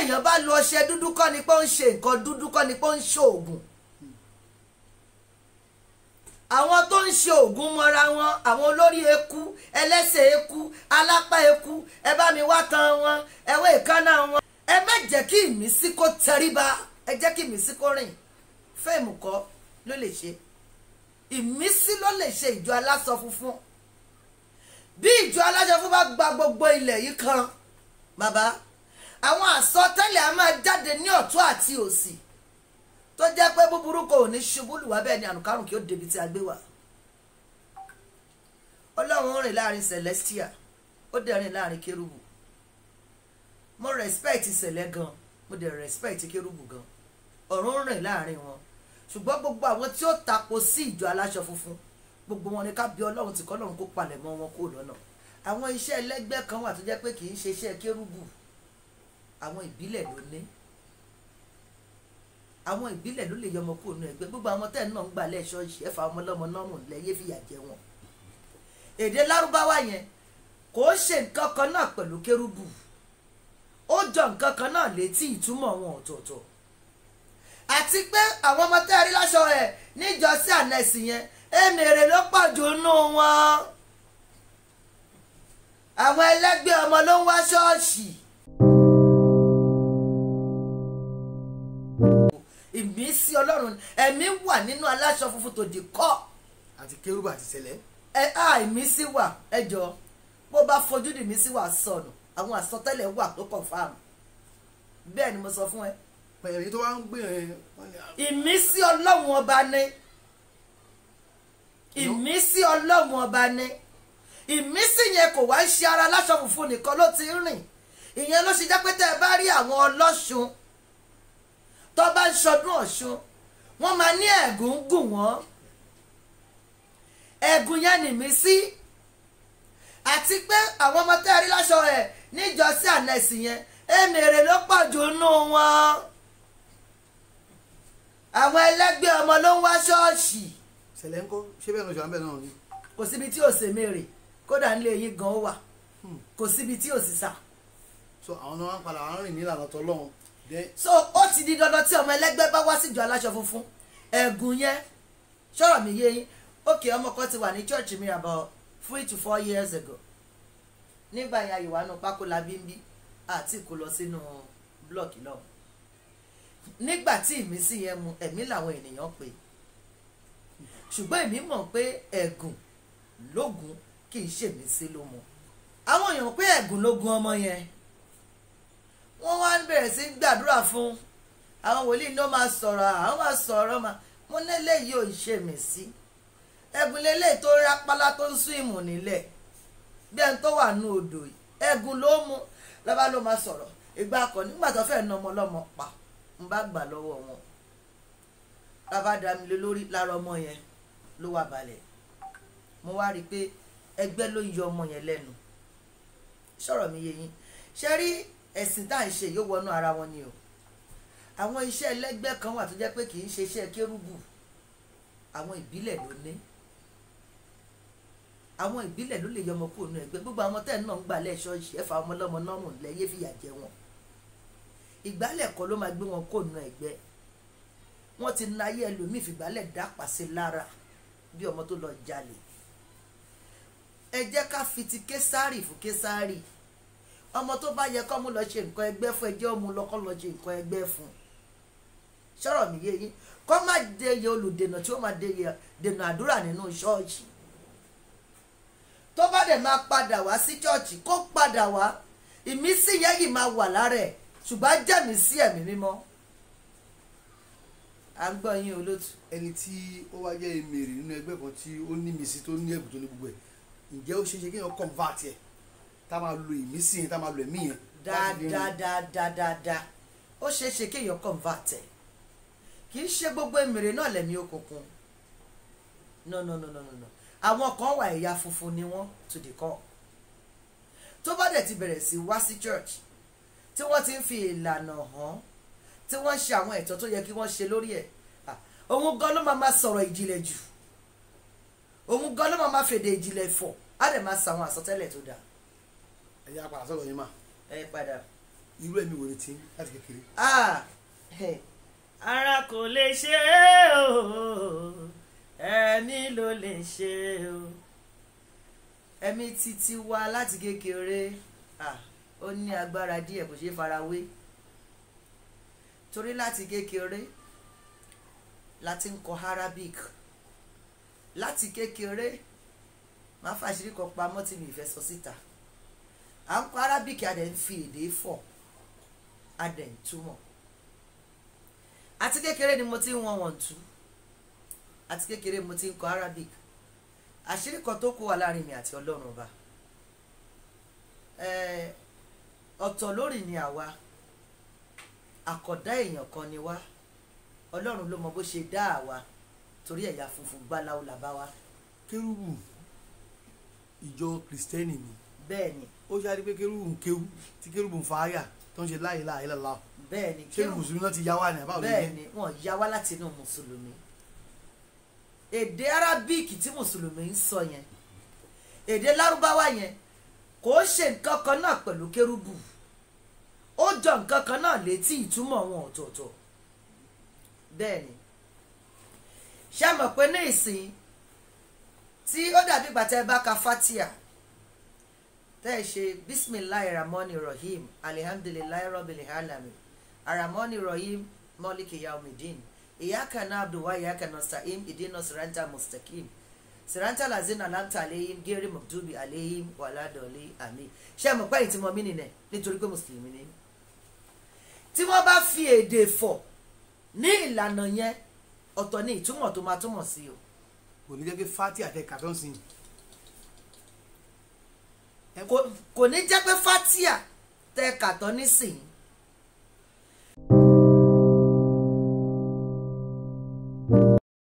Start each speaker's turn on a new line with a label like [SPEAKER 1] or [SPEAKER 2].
[SPEAKER 1] èèyàn bá lo ọṣẹ dúdú kọ́ ni pé ó ń ṣe nǹkan dúdú kọ́ ni pé ó ń ṣoògùn àwọn tó ń ṣe ògùn mọ́ra wọn àwọn olórí eku ẹlẹ́sẹ̀ eku alápá eku ẹ bá mi wá tan wọn ẹwé ìkánná wọn ẹ má jẹ́ kí ìmísí kó tẹríba ẹ jẹ́ kí ìmísí kó rìn fẹ́ẹ̀mù kọ́ ló lè ṣe ìmísí ló lè ṣe ìjọ aláṣọ funfun bí ìjọ aláṣọ funfun bá gba gbogbo ilẹ̀ yìí kan bàbá àwọn àsọtẹ́lẹ̀ a máa jáde ní ọ̀tún àti òsì tó jẹ́ pé búburú kò ní ṣubú lùwá bẹ́ẹ̀ ni àrùnkárùn kí ó débi tí a gbé wà ọlọ́run rìn láàrin celestia ó dẹ̀ rìn láàrin kérúbù mo respect sẹ̀lẹ̀ gan mo dẹ̀ respect kérúbù gan ọ̀run rìn láàrin wọn ṣùgbọ́n gbogbo àwọn tí ó tako sí ìjọ aláṣọ funfun gbogbo wọn ni ká bí ọlọ́run tí kọ́ ọlọ́run kó palẹ̀ mọ́ wọn kó lọ́nà àwọn iṣẹ́ ẹlẹ́gbẹ́ kan wà tó jẹ́ pé kì í ṣe iṣẹ́ kérúbù àwọn ìbílẹ̀ ló ní àwọn ìbílẹ̀ ló lè yọmọ kúrò nínú ẹgbẹ́ gbogbo àwọn tẹ́ẹ̀ náà ń gbà lẹ́ẹ̀ṣọ́ ṣe é fa ọmọ ọlọ́mọ náà mọ̀ lẹ́yẹ fìyà jẹ wọn èdè lárúbáwá yẹn kò ṣe nǹkan kan náà pẹ̀lú kérúbù ó jọ nǹkan kan náà létí ìtumọ̀ wọn ọ̀tọ̀ọ̀tọ̀ àti pé àwọn ọmọ tẹ́ rí láṣọ ẹ̀ níjọsí ànẹ́sì yẹn èmèrè ló pọ̀ jù nù wọn àwọn ẹlẹ́gbẹ́ ọmọ ló ń wá ṣọ́ọ̀ṣì ìmísí ọlọ́run ẹ̀mí wà nínú aláṣọ funfun tó di kọ́. àti kérúbù àti sẹlẹ̀. ẹ á ìmísí wà ẹ jọ bó bá fojú di ìmísí wà sọnù àwọn àsọtẹ́lẹ̀ wà tó kàn fáàmù bẹ́ẹ̀ ni mo sọ fún ẹ. pẹ̀lú tó wá ń gbé ẹ. ìmísí ọlọ́run ọba ni ìmísí ọlọ́run ọba ni ìmísí yẹn kò wá ń ṣe ara aláṣọ funfun nìkan ló ti ń rìn ìyẹn ló ṣe jẹ́ pé tẹ́ ẹ bá rí àwọn ọlọ́ṣun tó bá ń ṣọdún ọ̀ṣun wọ́n máa ní ẹ̀gún gùn wọ́n ẹ̀gún yẹn nìmí sí àti pé àwọn ọmọ tẹ́ ẹ rí láṣọ ẹ̀ níjọ́sí ànẹ́sì yẹn èmèrè ló pọ̀ jù nù wọn àwọn ẹlẹ́gbẹ́ ọmọ ló ń wá ṣọ́ọ̀ṣì. ṣẹlẹ̀ ń kó ṣé bẹ́ẹ̀ ló ṣọ́ àbẹ̀ náà ni. kò síbi tí ò sèmèrè kódà nílé yín gan-an wà hmm. kò síbi tí ò sì sà. so àwọn náà wá ń padà wá ń rìn nílànà tọ́lọ́run so ó ti di dandan tí ọmọ ẹlẹ́gbẹ́ bá wá síjọ aláṣọ funfun ẹ̀gùn yẹn ṣọ́rọ̀ mi yé yín òkè ọmọ kan ti wà ní church mi about three to four years ago nígbà yẹn àyèwà nu pákó la bí ń bí àti kò lọ sínú blọọkì náà nígbà tí ìmísí yẹn mu ẹ̀mí làwọn ènìyàn pè ṣùgbọ́n èmi mọ̀ pé ẹ̀gùn lógun kì í ṣèmísí ló mu àwọn èèyàn pé ẹ̀gùn lógun ọmọ yẹn wọ́n wá bẹ̀rẹ̀ sí gbàdúrà fún àwọn wòlíì ló máa sọ̀rọ̀ àwọn máa sọ̀rọ̀ mà mo nílé yìí ò ṣe mí sí ẹ̀gùn lélẹ̀ tó rápálá tó ń sún ìmù nílẹ̀ bí ẹni tó wà nú odò yìí ẹ̀gùn ló mú lọ́ba ló máa sọ̀rọ̀ ìgbà kan nígbà tó fẹ́ẹ́ na ọmọ ọlọ́mọ pa ń bá gbà lọ́wọ́ wọn bàbá dami lé lórí lára ọmọ yẹn ló wà balẹ̀ mo wá rí i pé ẹgbẹ́ ló yọ ọmọ yẹn lẹ́nu sọ̀rọ̀ mi yé yín ṣe rí ẹ̀sìn tá à ń ṣe yóò wọnú ara wọn ni o àwọn iṣẹ́ ẹlẹ́gbẹ́ kan wà tó jẹ́ pé kì í ṣe iṣẹ́ kérúbù àwọn ìbílẹ̀ ló ní àwọn ìbílẹ̀ ló lè yọmọ kúrò nínú ẹgbẹ́ gbogbo àwọn tẹ́ẹ̀ náà ń gbà lẹ́ẹ̀ṣọ́ ìṣẹ́fà ọmọlọ́mọ náà mọ̀ lẹ́yẹ fìyà jẹ wọn ìgbálẹ̀ kọ́ ló máa gbé wọn kúrò nínú ẹgbẹ́ wọ́n ti na ayé ẹlòmíì fìgbálẹ̀ dápà sí lára bí ọmọ tó lọ jalè ẹ jẹ́ ká fi ti késàrì fún késàrì ọmọ tó bá yẹ kó mú lọ ṣe nǹkan ẹgbẹ́ fún ẹjẹ́ ọmú lọ kó lọ ṣe nǹkan ẹgbẹ́ fún ṣọ́rọ̀ mi yé yín kó má déye olùdènà tí ó má déye dènà àdúrà nínú ṣọ́ọ̀ṣì tó bá dẹ̀ máa padà wá sí ṣọ́ọ̀ṣì kó padà wá ìmísí yẹn yìí máa wà lára ẹ̀ ṣùgbọ́n jẹ́mi sí ẹ̀mí mímọ́ à ń gbọ́ yín olótù. ẹni tí ó wá jẹ́ emèrè nínú ẹgbẹ́ kan tí ó ní mísí tó ní ẹ̀bùn tó ní gbogbo ẹ̀ ǹjẹ́ tá a máa lo ìmísí yẹn tá a máa lo ẹ̀mí yẹn. dáadáadáadáa ó ṣeé ṣe kéèyàn convert kì í ṣe gbogbo èmèrè náà lẹ̀mí òkùnkùn no no no no no àwọn kan wà ẹ̀yà funfun ni wọ́n to the core tó bá dẹ̀ ti bẹ̀rẹ̀ sí wá sí church tí wọ́n ti ń fi ìlànà hàn tí wọ́n ṣe àwọn ẹ̀tọ́ tó yẹ kí wọ́n ṣe lórí ẹ̀ òun gan ló máa ma sọ̀rọ̀ ìjìnlẹ̀ jù òun gan ló máa ma fèdè ìjìnlẹ̀ fọ̀ á dẹ̀ máa sàwọn àsọtẹ́lẹ̀ tó dáa ẹ yá padà sọ̀rọ̀ yín mà. ẹ padà. irú ẹ̀mí wo ni tí láti kékeré. Ah, eh, ara kò lè ṣe o ẹ̀mí ló lè ṣe o ẹ̀mí titi wa láti kékeré ah, ó ní agbára díẹ̀ kò ṣeé farawé torí láti kékeré láti ń kọ Arabic láti kékeré máa fàṣírí kan pamọ́ tí mi ìfẹ́ sọ síta. So à ń kọ arábìkì a dẹ̀ ń fi èdè fọ̀ a dẹ̀ ń túmọ̀ àti kékeré ni mo ti ń wọ̀n wọ̀n tú àti kékeré mo ti ń kọ arabic àṣírí kan tó kó wa láàrin mi àti ọlọ́run ọba ọ̀tọ̀ lórí ni àwa àkọ̀dá èèyàn kan ni wá ọlọ́run ló mọ bó ṣe dá àwa torí ẹ̀yà funfun gbáláwo làbá wa. kérúbù ìjọ kìrìsìtẹ́nì ni bẹ́ẹ̀ni. ó ṣáájú pé kérúbù ń kéwú tí kérúbù ń fa àyà tó ń ṣe láyé láyé lọ́la. bẹ́ẹ̀ni kérúbù ṣé mùsùlùmí náà ti yá wá ní àbáwọ̀ yẹn. bẹ́ẹ̀ni wọn yá wá láti inú mùsùlùmí èdè arabic tí mùsùlùmí ń sọ yẹn èdè lárúbáwá yẹn kò ṣe nǹkan kan náà pẹ̀lú kérúbù ó jọ nǹkan kan náà létí ìtumọ̀ wọn ọ̀tọ̀ọ̀tọ̀ bẹ́ẹ̀ni ṣé mọ̀ pé ní ìsìn tí ó dàbí ìgbà bá ka fatia tẹ́ ẹ ṣe bisimilahi ramoni rahim alihamdulilayi rabbil alamin aramoni rahim maliki yaumidin iyaka na abduwa iyaka na sa'im idina siranta mustaqim siranta lazina lamta alehim geri mabdubi alehim waladoli ami ṣé mo pẹ́ yìí tí mo nìyẹn nítorí pé mùsùlùmí ni tí wọ́n bá fi èdè fọ̀ ní ìlànà yẹn ọ̀tọ̀ ni ìtumọ̀ tó máa túmọ̀ sí o. kò ní jẹ́ pé fati àtẹ̀kà tó ń sìn kò ní jẹ́ pé fatia tẹ kàtọ́ nísìnyí